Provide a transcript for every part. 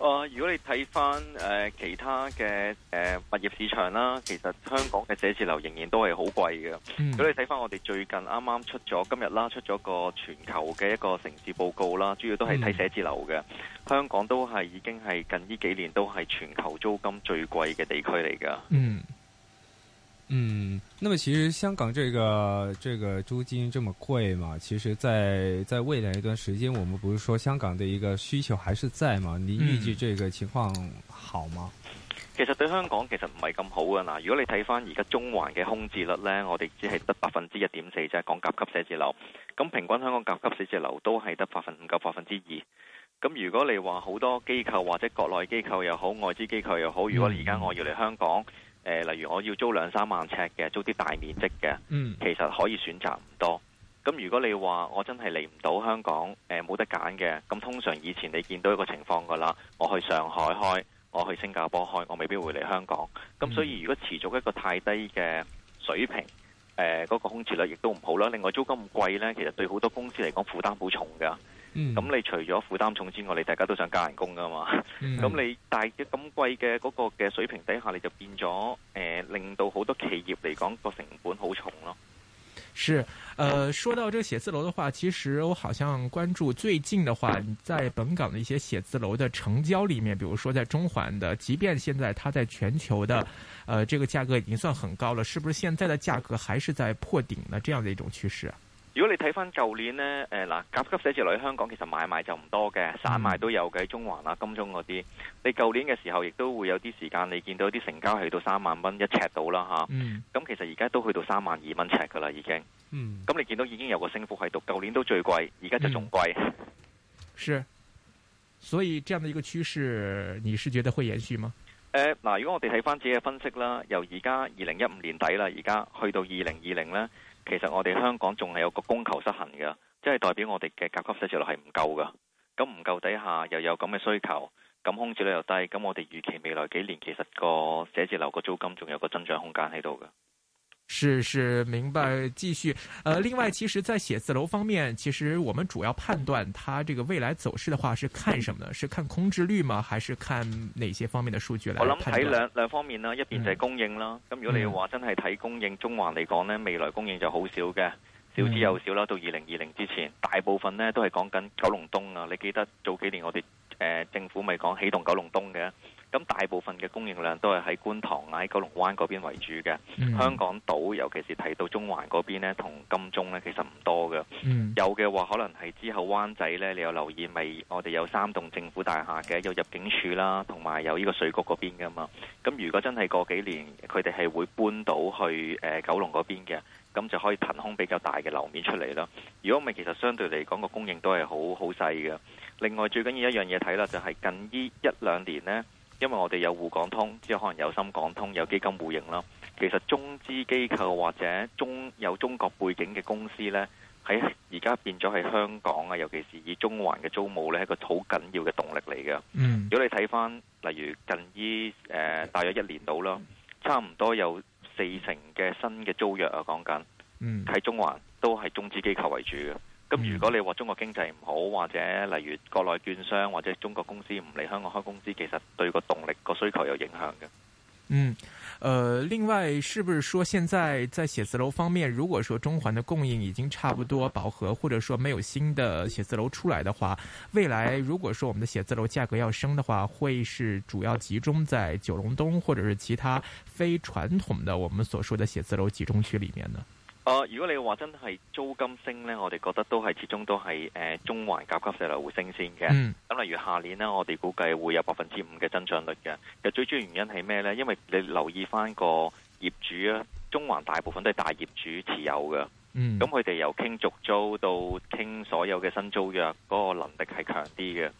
哦，如果你睇翻誒其他嘅誒物業市場啦，其實香港嘅寫字樓仍然都係好貴嘅。嗯、如果你睇翻我哋最近啱啱出咗今日啦，出咗個全球嘅一個城市報告啦，主要都係睇寫字樓嘅。嗯、香港都係已經係近呢幾年都係全球租金最貴嘅地區嚟㗎。嗯。嗯，那麼其實香港這個這個租金這麼貴嘛，其實在，在在未來一段時間，我們不是說香港的一個需求還是在嘛？你預計這個情況好嗎，嗯？其實對香港其實唔係咁好㗎嗱，如果你睇翻而家中環嘅空置率呢，我哋只係得百分之一點四就係、是、講甲級寫字樓，咁平均香港甲級寫字樓都係得百分五，唔夠百分之二。咁如果你話好多機構或者國內機構又好，外資機構又好，如果而家我要嚟香港。嗯誒，例如我要租兩三萬尺嘅，租啲大面積嘅，其實可以選擇唔多。咁如果你話我真係嚟唔到香港，誒、呃、冇得揀嘅，咁通常以前你見到一個情況噶啦，我去上海開，我去新加坡開，我未必會嚟香港。咁所以如果持續一個太低嘅水平，誒、呃、嗰個空置率亦都唔好啦。另外租金咁貴呢，其實對好多公司嚟講負擔好重噶。咁你、嗯嗯、除咗負擔重之外，你大家都想加人工噶嘛？咁、嗯、你但係咁貴嘅嗰個嘅水平底下，你就變咗誒、呃，令到好多企業嚟講個成本好重咯。是，呃，說到這個寫字樓的話，其實我好像關注最近的話，在本港的一些寫字樓的成交裏面，比如說在中環的，即便現在它在全球的，呃，這個價格已經算很高了，是不是現在的價格還是在破頂呢？這樣的一種趨勢？如果你睇翻舊年呢，誒、呃、嗱，甲級寫字樓喺香港其實買賣就唔多嘅，散賣都有嘅，嗯、中環啊、金鐘嗰啲。你舊年嘅時候亦都會有啲時間，你見到啲成交係到三萬蚊一尺度啦，嚇、嗯。咁、啊嗯、其實而家都去到三萬二蚊尺噶啦，已經。咁、嗯、你見到已經有個升幅喺度，舊年都最貴，而家就仲貴、嗯。是，所以這樣的一個趨勢，你是覺得會延續嗎？誒嗱、呃呃，如果我哋睇翻自己嘅分析啦，由而家二零一五年底啦，而家去到二零二零咧。其實我哋香港仲係有個供求失衡嘅，即係代表我哋嘅甲級寫字樓係唔夠嘅。咁唔夠底下又有咁嘅需求，咁空置率又低，咁我哋預期未來幾年其實個寫字樓個租金仲有個增長空間喺度嘅。是是明白，繼續。呃，另外，其實，在寫字樓方面，其實我們主要判斷它這個未來走勢的話，是看什麼呢？是看空置率嗎？還是看哪些方面的數據來判斷？我諗睇兩兩方面啦，一邊就係供應啦。咁、嗯、如果你話真係睇供應，中環嚟講呢，未來供應就好少嘅，少之又少啦。到二零二零之前，大部分呢都係講緊九龍東啊。你記得早幾年我哋誒政府咪講起動九龍東嘅？咁大部分嘅供應量都係喺觀塘啊，喺九龍灣嗰邊為主嘅。Mm. 香港島尤其是提到中環嗰邊呢，同金鐘呢其實唔多嘅。Mm. 有嘅話，可能係之後灣仔呢，你有留意咪？不是我哋有三棟政府大廈嘅，有入境處啦，同埋有呢個稅局嗰邊㗎嘛。咁如果真係過幾年，佢哋係會搬到去誒、呃、九龍嗰邊嘅，咁就可以騰空比較大嘅樓面出嚟啦。如果唔係，其實相對嚟講個供應都係好好細嘅。另外最緊要一樣嘢睇啦，就係、是、近呢一兩年呢。因為我哋有滬港通，即係可能有深港通，有基金互認啦。其實中資機構或者中有中國背景嘅公司咧，喺而家變咗係香港啊，尤其是以中環嘅租務咧，係一個好緊要嘅動力嚟嘅。嗯，如果你睇翻，例如近依誒大約一年到啦，差唔多有四成嘅新嘅租約啊，講緊，嗯，喺中環都係中資機構為主嘅。咁、嗯、如果你話中國經濟唔好，或者例如國內券商或者中國公司唔嚟香港開公司，其實對個動力個需求有影響嘅。嗯，呃，另外，是不是說現在在寫字樓方面，如果說中環的供應已經差不多飽和，或者說沒有新的寫字樓出來的話，未來如果說我們的寫字樓價格要升的話，會是主要集中在九龍東或者是其他非傳統的我們所說的寫字樓集中區裏面呢？如果你話真係租金升呢，我哋覺得都係始終都係誒、呃、中環甲級細樓會升先嘅。咁、嗯、例如下年呢，我哋估計會有百分之五嘅增長率嘅。其實最主要原因係咩呢？因為你留意翻個業主啊，中環大部分都係大業主持有嘅。咁佢哋由傾續租到傾所有嘅新租約，嗰、那個能力係強啲嘅。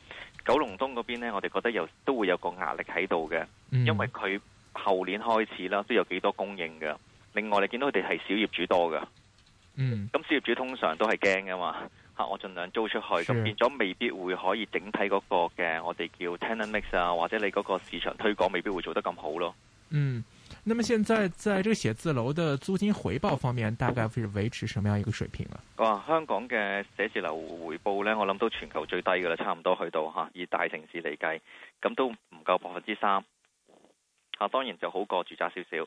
九龍東嗰邊咧，我哋覺得有都會有個壓力喺度嘅，嗯、因為佢後年開始啦，都有幾多供應嘅。另外，你見到佢哋係小業主多㗎，嗯，咁小業主通常都係驚㗎嘛嚇，我盡量租出去咁是變咗，未必會可以整體嗰個嘅我哋叫 tenant mix 啊，或者你嗰個市場推廣未必會做得咁好咯。嗯，那麼現在在這個寫字樓的租金回報方面，大概是維持什麼樣一個水平啊？啊香港嘅寫字樓回報咧，我諗都全球最低㗎啦，差唔多去到、嚇、以大城市嚟計，咁、啊、都唔夠百分之三嚇、啊。當然就好過住宅少少。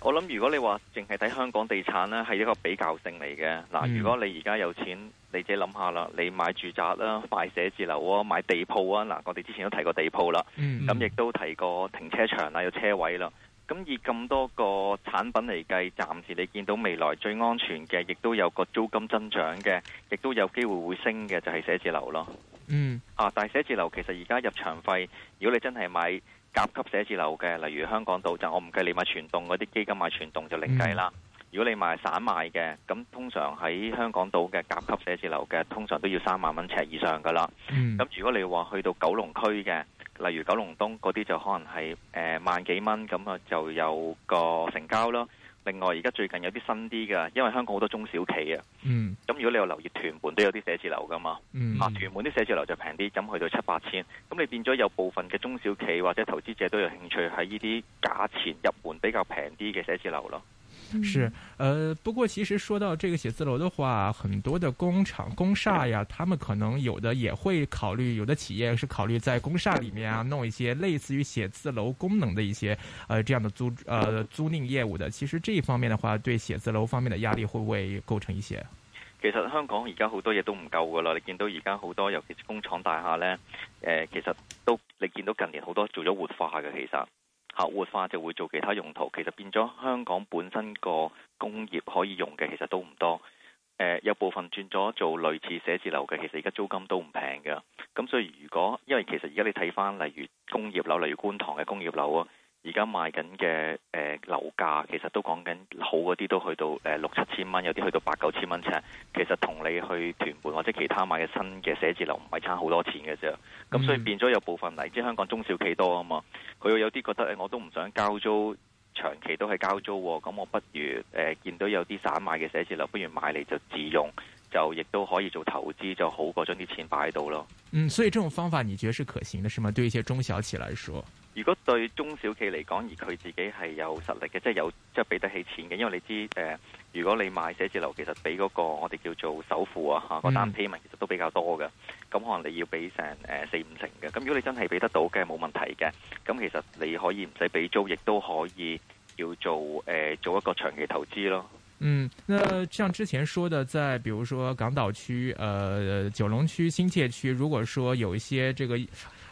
我諗如果你話淨係睇香港地產咧，係一個比較性嚟嘅嗱。嗯，如果你而家有錢，你自己諗下啦，你買住宅啦，買寫字樓啊，買地鋪啊。嗱，我哋之前都提過地鋪啦，咁亦都提過停車場啦，有車位啦。咁以咁多個產品嚟計，暫時你見到未來最安全嘅，亦都有個租金增長嘅，亦都有機會會升嘅，就係寫字樓咯。嗯，啊，但係寫字樓其實而家入場費，如果你真係買。甲級寫字樓嘅，例如香港島，就我唔計你買全棟嗰啲，基金買全棟就另計啦。嗯、如果你買散賣嘅，咁通常喺香港島嘅甲級寫字樓嘅，通常都要三萬蚊尺以上噶啦。咁、嗯、如果你話去到九龍區嘅，例如九龍東嗰啲就可能係誒、呃、萬幾蚊，咁啊就有個成交咯。另外，而家最近有啲新啲嘅，因為香港好多中小企啊。嗯。咁如果你有留意屯門都有啲寫字樓㗎嘛？嗯。啊，屯門啲寫字樓就平啲，咁去到七八千，咁你變咗有部分嘅中小企或者投資者都有興趣喺呢啲價錢入門比較平啲嘅寫字樓咯。是，呃，不過其實說到這個寫字樓的話，很多的工廠、工廈呀，他們可能有的也會考慮，有的企業是考慮在工廈裏面啊，弄一些類似於寫字樓功能的一些，呃，這樣的租呃租賃業務的。其實這一方面的話，對寫字樓方面的壓力會不會構成一些？其實香港而家好多嘢都唔夠㗎喇，你見到而家好多，尤其是工廠大廈呢，誒、呃，其實都你見到近年好多做咗活化嘅，其實。客活化就會做其他用途，其實變咗香港本身個工業可以用嘅其實都唔多。有部分轉咗做類似寫字樓嘅，其實而家租金都唔平嘅。咁所以如果因為其實而家你睇翻，例如工業樓，例如觀塘嘅工業樓啊。而家賣緊嘅誒樓價其實都講緊好嗰啲都去到、呃、六七千蚊，有啲去到八九千蚊尺。其實同你去屯門或者其他買嘅新嘅寫字樓唔係差好多錢嘅啫。咁、嗯、所以變咗有部分嚟，即香港中小企多啊嘛，佢有啲覺得、哎、我都唔想交租，長期都係交租喎、哦。咁我不如誒、呃、見到有啲散賣嘅寫字樓，不如買嚟就自用，就亦都可以做投資，就好過將啲錢擺喺度咯。嗯，所以這種方法你覺得是可行嘅，是嗎，對一些中小企來說？如果對中小企嚟講，而佢自己係有實力嘅，即係有即係俾得起錢嘅，因為你知誒、呃，如果你買寫字樓，其實俾嗰、那個我哋叫做首付啊，嚇、啊、個單 payment 其實都比較多嘅，咁可能你要俾成誒四五成嘅。咁如果你真係俾得到嘅，冇問題嘅，咁其實你可以唔使俾租，亦都可以要做誒、呃、做一個長期投資咯。嗯，那像之前說的，在，比如說港島區、誒、呃、九龍區、新界區，如果說有一些這個。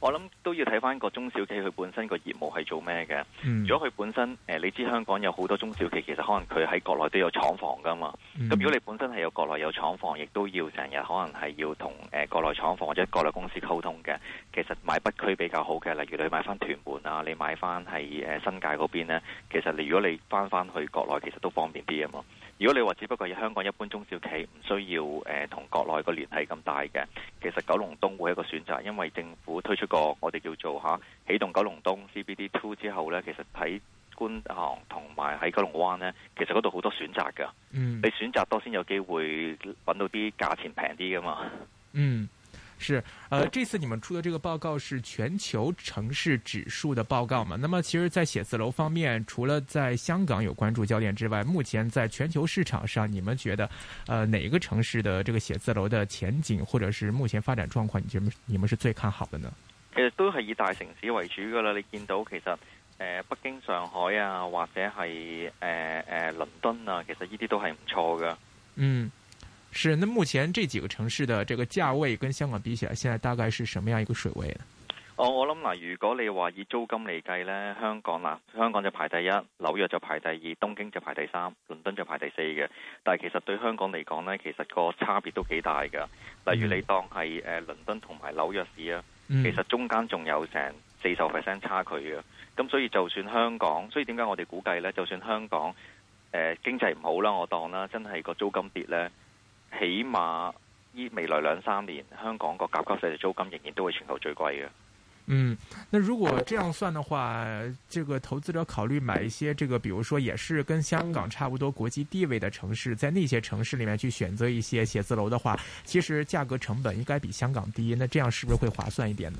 我諗都要睇翻個中小企佢本身個業務係做咩嘅。嗯、如果佢本身你知香港有好多中小企，其實可能佢喺國內都有廠房㗎嘛。咁、嗯、如果你本身係有國內有廠房，亦都要成日可能係要同誒、呃、國內廠房或者國內公司溝通嘅。其實買北區比較好嘅，例如你買翻屯門啊，你買翻係新界嗰邊呢。其實你如果你翻翻去國內，其實都方便啲啊嘛。如果你話只不過香港一般中小企唔需要同、呃、國內個聯繫咁大嘅，其實九龍東會一個選擇，因為政府推出。個我哋叫做吓起動九龍東 CBD Two 之後呢，其實喺觀塘同埋喺九龍灣呢，其實嗰度好多選擇噶。嗯，你選擇多先有機會揾到啲價錢平啲噶嘛。嗯，是。呃，這次你們出的這個報告是全球城市指數的報告嘛？那麼其實，在寫字樓方面，除了在香港有關注焦點之外，目前在全球市場上，你們覺得，呃，哪一個城市的這個寫字樓的前景，或者是目前發展狀況，你覺得你們是最看好的呢？其實都係以大城市為主噶啦。你見到其實誒、呃，北京、上海啊，或者係誒誒倫敦啊，其實呢啲都係唔錯噶。嗯，是。那目前這幾個城市的這個價位跟香港比起來，現在大概是什麼樣一個水位呢？哦，我諗嗱，如果你話以租金嚟計呢，香港嗱、呃，香港就排第一，紐約就排第二，東京就排第三，倫敦就排第四嘅。但係其實對香港嚟講呢，其實個差別都幾大噶。例如你當係誒、嗯呃、倫敦同埋紐約市啊。嗯、其實中間仲有成四十 percent 差距嘅，咁所以就算香港，所以點解我哋估計呢？就算香港誒、呃、經濟唔好啦，我當啦，真係個租金跌呢，起碼依未來兩三年，香港個甲級細嘅租金仍然都會全球最貴嘅。嗯，那如果這樣算的話，這個投資者考慮買一些這個，比如說也是跟香港差不多國際地位的城市，在那些城市裏面去選擇一些寫字樓的話，其實價格成本應該比香港低，那這樣是不是會划算一點呢？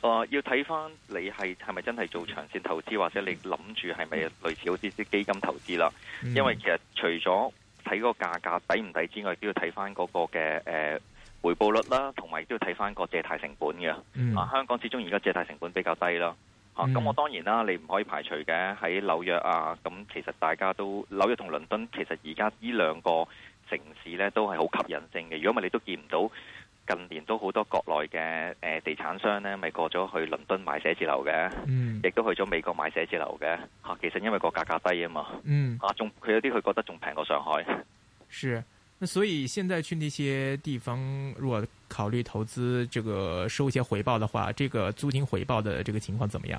哦、呃，要睇翻你係係咪真係做長線投資，或者是你諗住係咪類似好似啲基金投資啦？嗯、因為其實除咗睇個價格抵唔抵之外，都要睇翻嗰個嘅誒。呃回報率啦、啊，同埋亦都要睇翻個借貸成本嘅。嗯、啊，香港始終而家借貸成本比較低啦。嗯、啊，咁我當然啦，你唔可以排除嘅喺紐約啊。咁、嗯、其實大家都紐約同倫敦其實而家呢兩個城市呢都係好吸引性嘅。如果唔係你都見唔到近年都好多國內嘅誒地產商呢咪過咗去倫敦買寫字樓嘅，亦、嗯、都去咗美國買寫字樓嘅。啊，其實因為個價格低啊嘛。嗯。啊，仲佢有啲佢覺得仲平過上海。是。那所以，現在去那些地方，如果考慮投資，這個收一些回報的話，這個租金回報的這個情況怎麼樣？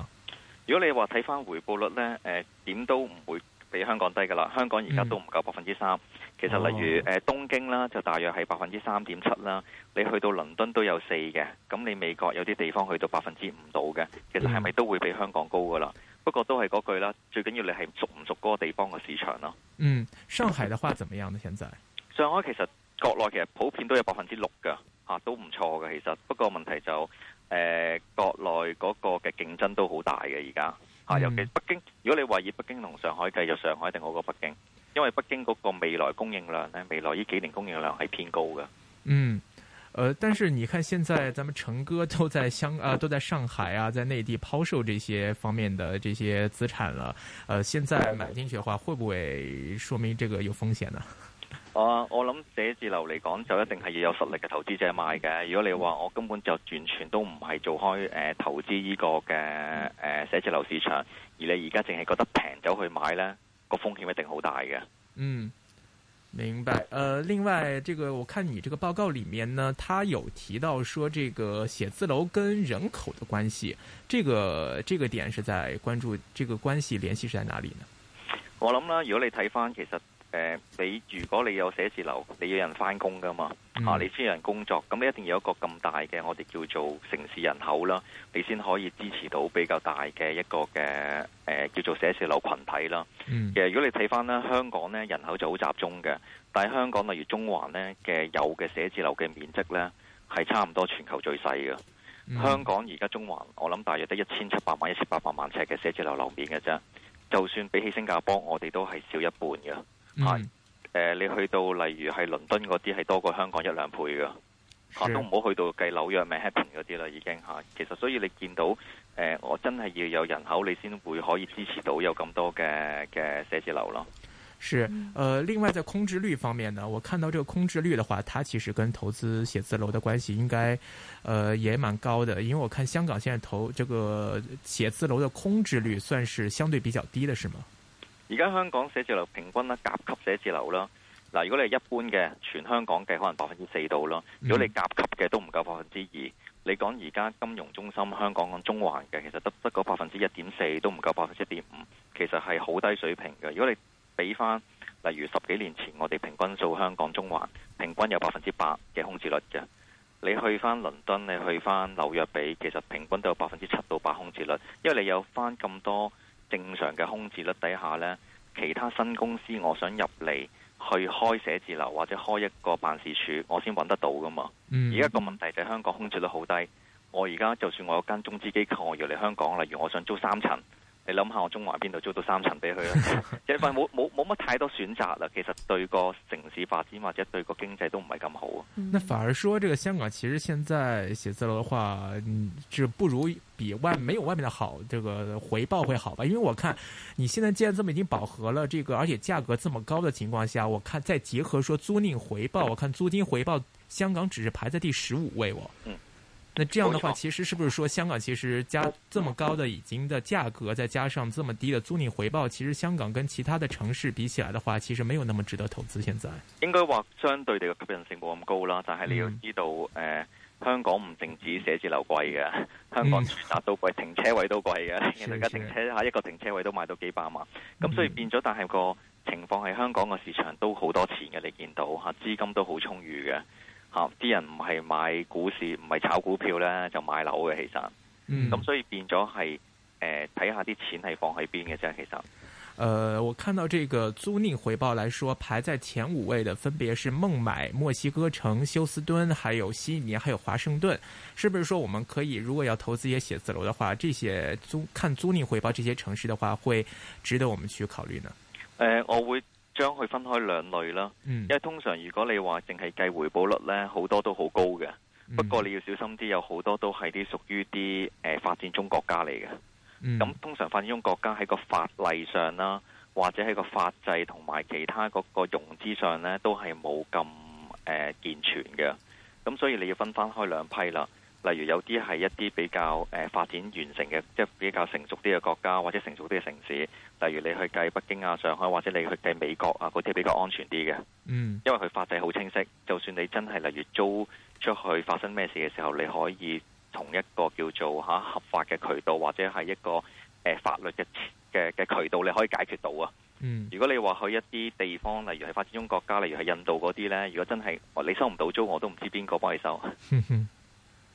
如果你話睇翻回報率呢，誒、呃，點都唔會比香港低噶啦。香港而家都唔夠百分之三。嗯、其實例如誒、哦呃、東京啦，就大約係百分之三點七啦。你去到倫敦都有四嘅，咁你美國有啲地方去到百分之五度嘅，其實係咪都會比香港高噶啦？嗯、不過都係嗰句啦，最緊要你係熟唔熟嗰個地方嘅市場咯。嗯，上海的話怎麼樣呢？現在？上海其實國內其實普遍都有百分之六㗎吓，都唔錯嘅。其實不過問題就誒、呃、國內嗰個嘅競爭都好大㗎而家吓，尤其北京。如果你話以北京同上海計，就上海定好過北京，因為北京嗰個未來供應量咧，未來呢幾年供應量係偏高嘅。嗯，呃，但是你看，現在，咱們成哥都在香啊，都在上海啊，在內地拋售這些方面的這些資產了。呃，現在買進去嘅話，會不會說明這個有風險呢、啊？我諗寫字樓嚟講，就一定係要有實力嘅投資者買嘅。如果你話我根本就完全都唔係做開誒、呃、投資呢個嘅誒寫字樓市場，而你而家淨係覺得平咗去買咧，呢個風險一定好大嘅。嗯，明白。誒、呃，另外，這個我看你這個報告裏面呢，他有提到說，這個寫字樓跟人口的關係，這個這個點是在關注，這個關係聯繫是在哪裏呢？我諗啦，如果你睇翻其實。誒、呃，你如果你有寫字樓，你要有人翻工噶嘛？嗯、啊，你先有人工作，咁你一定要有一個咁大嘅，我哋叫做城市人口啦，你先可以支持到比較大嘅一個嘅誒、呃、叫做寫字樓群體啦。嗯、其實如果你睇翻呢，香港呢人口就好集中嘅，但係香港例如中環呢嘅有嘅寫字樓嘅面積呢，係差唔多全球最細嘅。嗯、香港而家中環，我諗大約得一千七百萬、一千八百萬尺嘅寫字樓樓面嘅啫，就算比起新加坡，我哋都係少一半嘅。係，誒、嗯呃、你去到例如係倫敦嗰啲係多過香港一兩倍噶，嚇是都唔好去到計紐約咩 Manhattan 嗰啲啦已經嚇。其實所以你見到誒、呃，我真係要有人口你先會可以支持到有咁多嘅嘅寫字樓咯。是，誒、呃、另外在空置率方面呢，我看到這個空置率的話，它其實跟投資寫字樓的關係應該，誒、呃、也蠻高的，因為我看香港現在投這個寫字樓的空置率算是相對比較低的，是嗎？而家香港寫字樓平均啦甲級寫字樓啦，嗱如果你係一般嘅，全香港嘅可能百分之四到咯。如果你甲級嘅都唔夠百分之二，你講而家金融中心香港講中環嘅，其實得得個百分之一點四都唔夠百分之一點五，其實係好低水平嘅。如果你比翻，例如十幾年前我哋平均數香港中環平均有百分之八嘅空置率嘅，你去翻倫敦，你去翻紐約比，其實平均都有百分之七到八空置率，因為你有翻咁多。正常嘅空置率底下咧，其他新公司我想入嚟去開寫字樓或者開一個辦事處，我先揾得到噶嘛。而家個問題就係香港空置率好低，我而家就算我有間中資機構，我要嚟香港，例如我想租三層。你諗下，我中環邊度租到三層俾佢啊？一份冇冇冇乜太多選擇啦。其實對個城市發展或者對個經濟都唔係咁好。那反而說，這個香港其實現在寫字樓的話嗯就不如比外沒有外面的好，這個回報會好吧？因為我看，你現在既然這麼已經飽和了，這個而且價格這麼高的情況下，我看再結合說租賃回報，我看租金回報香港只是排在第十五位喎。我嗯。那這樣的話，其實是不是說香港其實加這麼高的已經的價格，再加上這麼低的租賃回報，其實香港跟其他的城市比起來的話，其實沒有那麼值得投資？現在應該話相對地嘅吸引性冇咁高啦，但係你要知道，誒、嗯呃，香港唔淨止寫字樓貴嘅，香港住宅都貴，嗯、停車位都貴嘅，而是家停車吓一個停車位都賣到幾百萬，咁、嗯、所以變咗，但係個情況係香港嘅市場都好多錢嘅，你見到吓資金都好充裕嘅。吓！啲人唔係買股市，唔係炒股票咧，就買樓嘅其實。咁、嗯、所以變咗係誒，睇下啲錢係放喺邊嘅啫，其實。誒、呃,我看到這個租賃回報來說，排在前五位的分別是孟買、墨西哥城、休斯敦，還有悉尼，還有華盛頓。是不是說我們可以如果要投資一些寫字樓的話，這些租看租賃回報，這些城市的話會值得我們去考慮呢？誒、呃，我會。將佢分開兩類啦，因為通常如果你話淨係計回報率呢，好多都好高嘅。不過你要小心啲，有好多都係啲屬於啲誒、呃、發展中國家嚟嘅。咁通常發展中國家喺個法例上啦，或者喺個法制同埋其他嗰個融資上呢，都係冇咁誒健全嘅。咁所以你要分翻開兩批啦。例如有啲係一啲比較誒、呃、發展完成嘅，即、就、係、是、比較成熟啲嘅國家或者成熟啲嘅城市。例如你去計北京啊、上海，或者你去計美國啊，嗰啲比較安全啲嘅。嗯，因為佢法制好清晰，就算你真係例如租出去發生咩事嘅時候，你可以同一個叫做、啊、合法嘅渠道，或者係一個、呃、法律嘅嘅嘅渠道，你可以解決到啊。嗯，如果你話去一啲地方，例如係發展中國家，例如係印度嗰啲呢，如果真係你收唔到租，我都唔知邊個幫你收。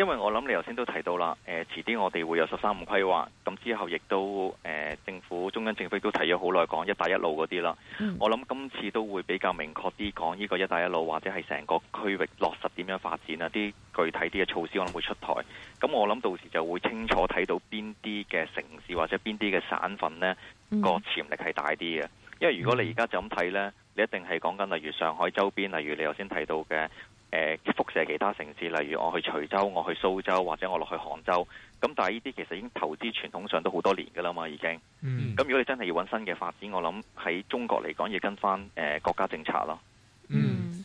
因為我諗你頭先都提到啦，遲、呃、啲我哋會有十三五規劃，咁之後亦都、呃、政府中央政府都提咗好耐講一帶一路嗰啲啦。嗯、我諗今次都會比較明確啲講呢個一帶一路或者係成個區域落實點樣發展，啊啲具體啲嘅措施，我諗會出台。咁我諗到時就會清楚睇到邊啲嘅城市或者邊啲嘅省份呢個潛、嗯、力係大啲嘅。因為如果你而家就咁睇呢，你一定係講緊例如上海周邊，例如你頭先提到嘅。誒、呃、輻射其他城市，例如我去徐州、我去蘇州或者我落去杭州，咁但係呢啲其實已經投資傳統上都好多年噶啦嘛，已經。咁、嗯、如果你真係要揾新嘅發展，我諗喺中國嚟講要跟翻誒國家政策咯。嗯。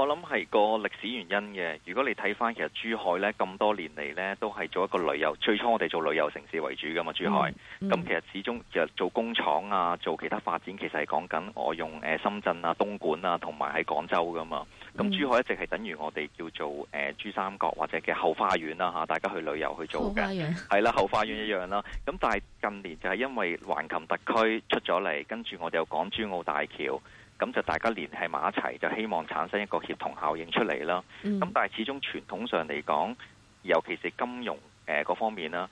我諗係個歷史原因嘅。如果你睇翻，其實珠海呢咁多年嚟呢，都係做一個旅遊。最初我哋做旅遊城市為主噶嘛，珠海。咁、嗯、其實始終，其實做工廠啊，做其他發展，其實係講緊我用誒深圳啊、東莞啊，同埋喺廣州噶嘛。咁、嗯、珠海一直係等於我哋叫做誒、呃、珠三角或者嘅後花園啦吓，大家去旅遊去做嘅。後花園係啦，後花園一樣啦、啊。咁但係近年就係因為橫琴特區出咗嚟，跟住我哋又港珠澳大橋。咁就大家聯繫埋一齊，就希望產生一個協同效應出嚟啦。咁、嗯、但係始終傳統上嚟講，尤其是金融誒嗰、呃、方面啦，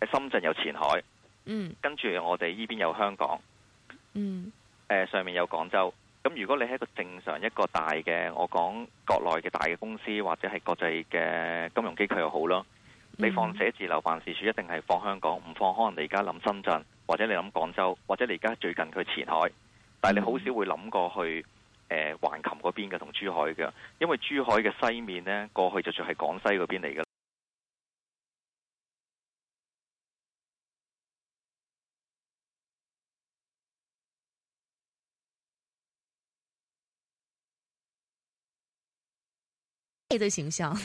喺深圳有前海，嗯、跟住我哋呢邊有香港、嗯呃，上面有廣州。咁如果你係一個正常一個大嘅，我講國內嘅大嘅公司或者係國際嘅金融機構又好咯，你放寫字樓辦事處一定係放香港，唔放可能你而家諗深圳，或者你諗廣州，或者你而家最近去前海。但係你好少會諗過去誒，橫琴、呃、嗰邊嘅同珠海嘅，因為珠海嘅西面呢，過去就係係廣西嗰邊嚟噶。咩的形象？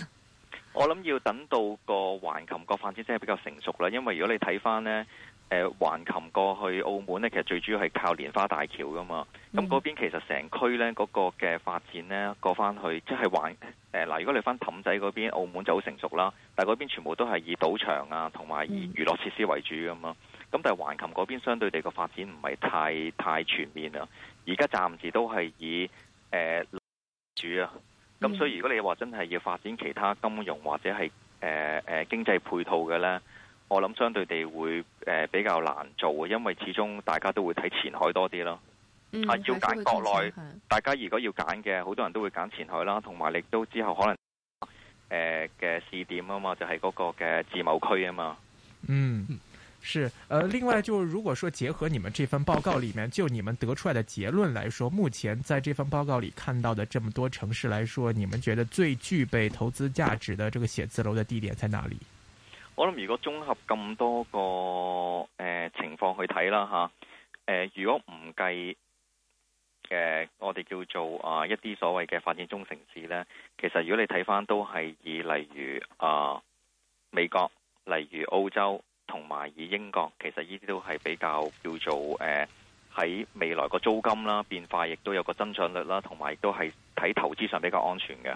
我諗要等到個橫琴個發展真係比較成熟啦，因為如果你睇翻呢。誒、呃、橫琴過去澳門咧，其實最主要係靠蓮花大橋噶嘛。咁嗰、嗯、邊其實成區咧嗰、那個嘅發展咧過翻去，即、就、係、是、環誒嗱、呃。如果你翻氹仔嗰邊，澳門就好成熟啦。但係嗰邊全部都係以賭場啊同埋以，以娛樂設施為主噶嘛。咁、嗯、但係橫琴嗰邊相對地個發展唔係太太全面啦。而家暫時都係以誒、呃、主啊。咁、嗯、所以如果你話真係要發展其他金融或者係誒誒經濟配套嘅咧？我諗相對地會誒、呃、比較難做，因為始終大家都會睇前海多啲咯。嗯，要揀國內，大家如果要揀嘅，好多人都會揀前海啦。同埋，你都之後可能誒嘅試點啊嘛，就係、是、嗰個嘅自貿區啊嘛。嗯，是。誒、呃，另外就如果說結合你們這份報告裏面，就你們得出來的結論來說，目前在這份報告裏看到的這麼多城市來說，你們覺得最具備投資價值的這個寫字樓的地點在哪裏？我諗如果綜合咁多個誒、呃、情況去睇啦吓，誒、呃、如果唔計誒我哋叫做啊、呃、一啲所謂嘅發展中城市呢，其實如果你睇翻都係以例如啊、呃、美國、例如歐洲同埋以，以英國，其實呢啲都係比較叫做誒喺、呃、未來個租金啦變化，亦都有個增長率啦，同埋亦都係睇投資上比較安全嘅。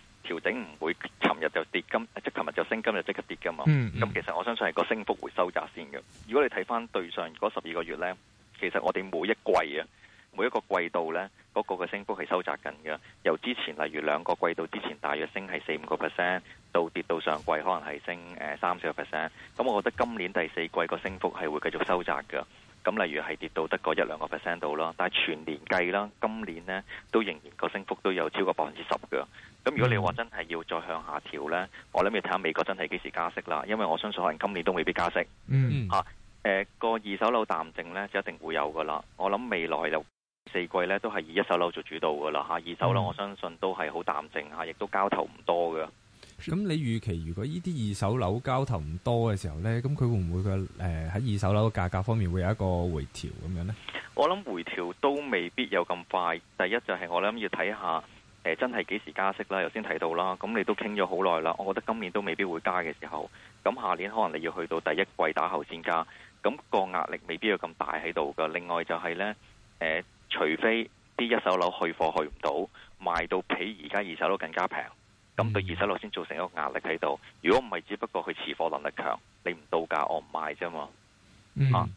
調整唔會，尋日就跌金，即係尋日就升金就即刻跌㗎嘛。咁、嗯嗯、其實我相信係個升幅會收窄先嘅。如果你睇翻對上嗰十二個月呢，其實我哋每一季啊，每一個季度呢，嗰、那個嘅升幅係收窄緊嘅。由之前例如兩個季度之前大約升係四五個 percent，到跌到上季可能係升誒三四個 percent。咁、呃、我覺得今年第四季個升幅係會繼續收窄嘅。咁例如係跌到得個一兩個 percent 度咯，但係全年計啦，今年呢都仍然個升幅都有超過百分之十嘅。咁如果你話真係要再向下調呢，我諗要睇下美國真係幾時加息啦，因為我相信可能今年都未必加息。嗯，嗯，嗯、啊、吓、呃、個二手樓淡靜呢，就一定會有噶啦。我諗未來就四季呢都係以一手樓做主導噶啦吓，二手樓我相信都係好淡靜吓，亦都交投唔多嘅。咁你預期如果呢啲二手樓交投唔多嘅時候呢，咁佢會唔會個誒喺二手樓價格方面會有一個回調咁樣呢？我諗回調都未必有咁快。第一就係我諗要睇下、呃、真係幾時加息啦，頭先提到啦。咁你都傾咗好耐啦，我覺得今年都未必會加嘅時候，咁下年可能你要去到第一季打後先加，咁、個壓力未必有咁大喺度㗎。另外就係呢、呃，除非啲一手樓去貨去唔到，賣到比而家二手樓更加平。咁、嗯、對二手樓先造成一個壓力喺度，如果唔係，只不過佢持貨能力強，你唔到價，我唔賣啫嘛。嗯，啊、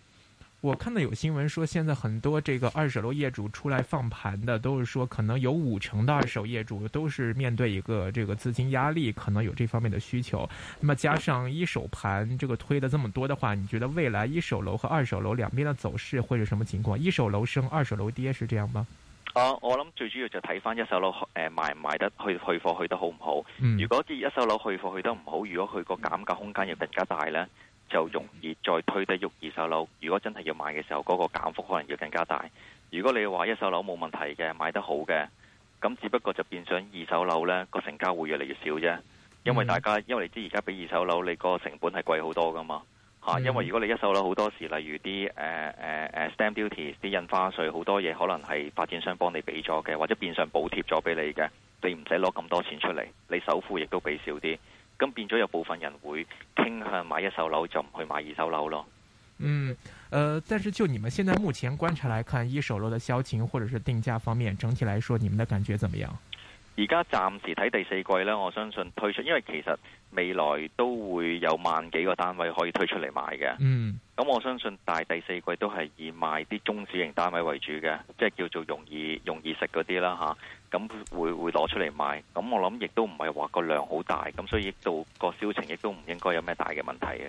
我看到有新聞說，現在很多這個二手樓業主出來放盤的，都是說可能有五成的二手業主都是面對一個這個資金壓力，可能有這方面的需求。那麼加上一手盤這個推的這麼多的話，你覺得未來一手樓和二手樓兩邊的走勢會是什麼情況？一手樓升，二手樓跌，是這樣嗎？啊，uh, 我諗最主要就睇翻一手樓，誒賣唔賣得去去貨去得好唔好？嗯、好？如果啲一手樓去貨去得唔好，如果佢個減價空間要更加大呢，就容易再推得喐二手樓。如果真係要買嘅時候，嗰、嗰個減幅可能要更加大。如果你話一手樓冇問題嘅，買得好嘅，咁只不過就變相二手樓呢個成交會越嚟越少啫，因為大家因為你知而家比二手樓你個成本係貴好多噶嘛。嗯、因為如果你一手樓好多時，例如啲、呃呃、stamp duty 啲印花稅，好多嘢可能係發展商幫你俾咗嘅，或者變相補貼咗俾你嘅，你唔使攞咁多錢出嚟，你首付亦都俾少啲，咁變咗有部分人會傾向買一手樓就唔去買二手樓咯。嗯、呃，但係就你們現在目前觀察來看，一手樓的銷情或者是定價方面，整體來說，你們的感覺怎麼樣？而家暫時睇第四季呢，我相信推出，因為其實。未來都會有萬幾個單位可以推出嚟賣嘅，咁我相信大第四季都係以賣啲中小型單位為主嘅，即係叫做容易容易食嗰啲啦嚇，咁、啊、會會攞出嚟賣，咁我諗亦都唔係話個量好大，咁所以到、這個銷情亦都唔應該有咩大嘅問題嘅。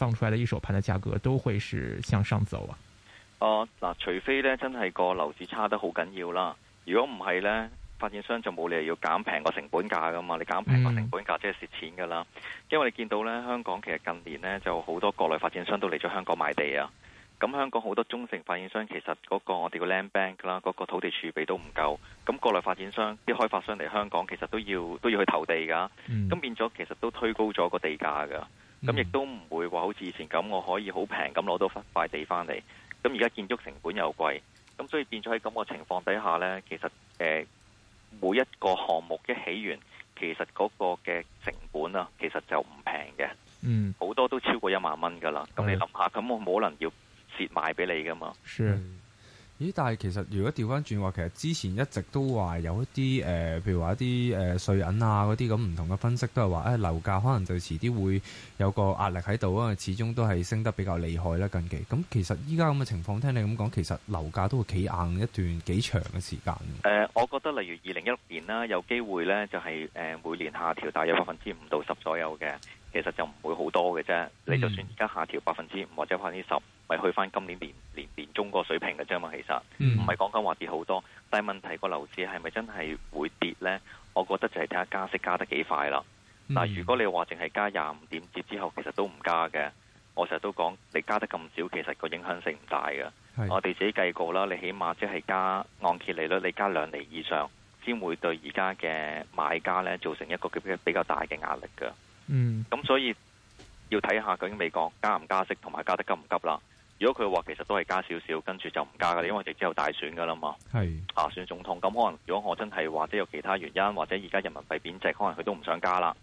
放出嚟嘅一手盤嘅價格都會是向上走啊！哦，嗱，除非咧真係個樓市差得好緊要啦，如果唔係呢，發展商就冇理由要減平個成本價噶嘛，你減平個成本價即係蝕錢噶啦。嗯、因為你見到呢，香港其實近年呢就好多國內發展商都嚟咗香港買地啊。咁香港好多中性發展商其實嗰個我哋叫 land bank 啦，嗰、嗰個土地儲備都唔夠。咁國內發展商啲開發商嚟香港其實都要都要去投地噶、啊，咁、嗯、變咗其實都推高咗個地價噶。咁亦都唔會話好似以前咁，我可以好平咁攞到塊地翻嚟。咁而家建築成本又貴，咁所以變咗喺咁個情況底下呢，其實、呃、每一個項目嘅起源，其實嗰個嘅成本啊，其實就唔平嘅。嗯，好多都超過一萬蚊㗎啦。咁、嗯、你諗下，咁我冇可能要蝕賣俾你㗎嘛？是。咦，但係其實如果掉返轉話，其實之前一直都話有一啲誒、呃，譬如話一啲誒稅銀啊嗰啲咁唔同嘅分析都，都係話誒樓價可能就遲啲會有個壓力喺度啊。始終都係升得比較厲害啦。近期咁其實依家咁嘅情況，聽你咁講，其實樓價都會企硬一段幾長嘅時間。誒、呃，我覺得例如二零一六年啦，有機會咧就係誒每年下調大約百分之五到十左右嘅。其實就唔會好多嘅啫，你就算而家下調百分之五或者百分之十，咪、嗯、去翻今年年年年中個水平嘅啫嘛。其實唔係講緊話跌好多，但係問題個樓市係咪真係會跌呢？我覺得就係睇下加息加得幾快啦。嗱、嗯，但如果你話淨係加廿五點折之後，其實都唔加嘅。我成日都講，你加得咁少，其實個影響性唔大嘅。是我哋自己計過啦，你起碼即係加按揭利率，你加兩厘以上，先會對而家嘅買家呢，造成一個比較比較大嘅壓力嘅。嗯，咁所以要睇下究竟美國加唔加息，同埋加得急唔急啦。如果佢話其實都係加少少，跟住就唔加噶，因為佢只有大選噶啦嘛。係是啊，選總統，咁可能如果我真係或者有其他原因，或者而家人民幣貶值，可能佢都唔想加啦。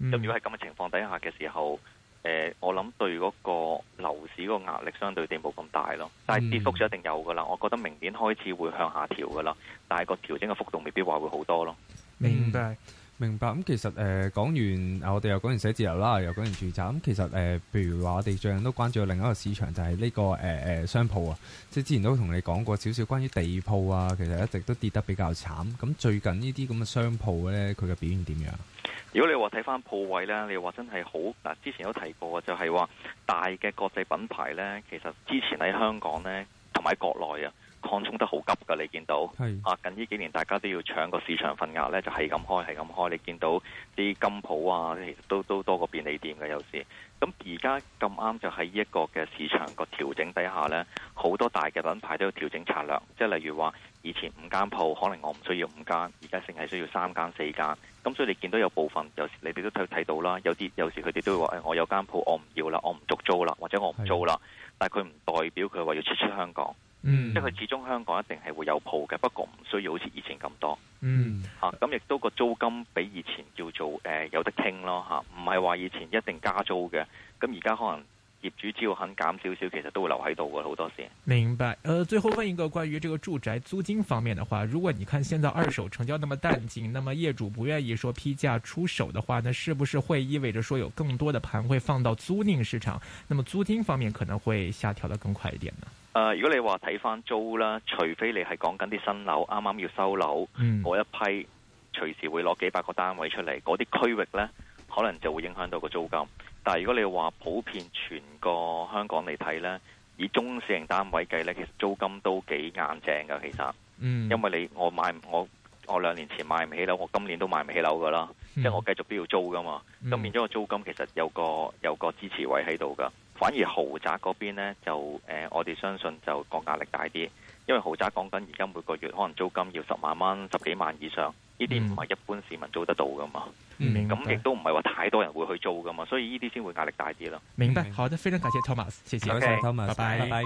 咁、嗯、如果係咁嘅情況底下嘅時候，誒、呃，我諗對嗰個樓市個壓力相對地冇咁大咯。但係跌幅就一定有噶啦。我覺得明年開始會向下調噶啦，但係個調整嘅幅度未必話會好多咯。明白。明白咁，其實誒講、呃、完，我哋又講完寫字樓啦，又講完住宅。咁其實誒，譬、呃、如話我哋最近都關注到另一個市場，就係、是、呢、這個誒、呃、商鋪啊。即係之前都同你講過少少關於地鋪啊，其實一直都跌得比較慘。咁最近呢啲咁嘅商鋪咧，佢嘅表現點樣？如果你話睇翻鋪位咧，你話真係好嗱，之前有提過就係、是、話大嘅國際品牌咧，其實之前喺香港咧同埋喺國內啊。擴充得好急㗎，你見到啊！是近呢幾年大家都要搶個市場份額呢就係咁開，係咁開。你見到啲金鋪啊，都都多過便利店嘅有時。咁而家咁啱就喺呢一個嘅市場個調整底下呢好多大嘅品牌都要調整策略，即係例如話，以前五間鋪可能我唔需要五間，而家淨係需要三間、四間。咁所以你見到有部分有時你哋都睇到啦，有啲有時佢哋都會話、哎：，我有間鋪我唔要啦，我唔續租啦，或者我唔租啦。是但佢唔代表佢話要撤出香港。即係佢始終香港一定係會有鋪嘅，不過唔需要好似以前咁多。嗯，吓，咁亦都個租金比以前叫做誒、呃、有得傾咯吓，唔係話以前一定加租嘅。咁而家可能業主只要肯減少少，其實都會留喺度嘅好多時。明白。誒、呃，最後問一個關於這個住宅租金方面的話，如果你看現在二手成交那麼淡靜，那麼業主不願意說批價出手的話，那是不是會意味着說有更多的盤會放到租賃市場？那麼租金方面可能會下調得更快一點呢？誒、呃，如果你話睇翻租啦，除非你係講緊啲新樓，啱啱要收樓，我、嗯、一批隨時會攞幾百個單位出嚟，嗰啲區域呢，可能就會影響到個租金。但係如果你話普遍全個香港嚟睇呢，以中小型單位計呢，其實租金都幾硬淨㗎，其實、嗯。因為你我買我我兩年前買唔起樓，我今年都買唔起樓㗎啦，嗯、即係我繼續都要租㗎嘛。咁變咗個租金其實有個有個支持位喺度㗎。反而豪宅嗰邊咧，就誒、呃，我哋相信就個壓力大啲，因為豪宅講緊而家每個月可能租金要十萬蚊、十幾萬以上，呢啲唔係一般市民租得到噶嘛，咁亦都唔係話太多人會去租噶嘛，所以呢啲先會壓力大啲咯。明白，嗯、好的，非常感謝 Thomas，謝謝 okay, Thomas，謝謝，Thomas，拜拜。Bye bye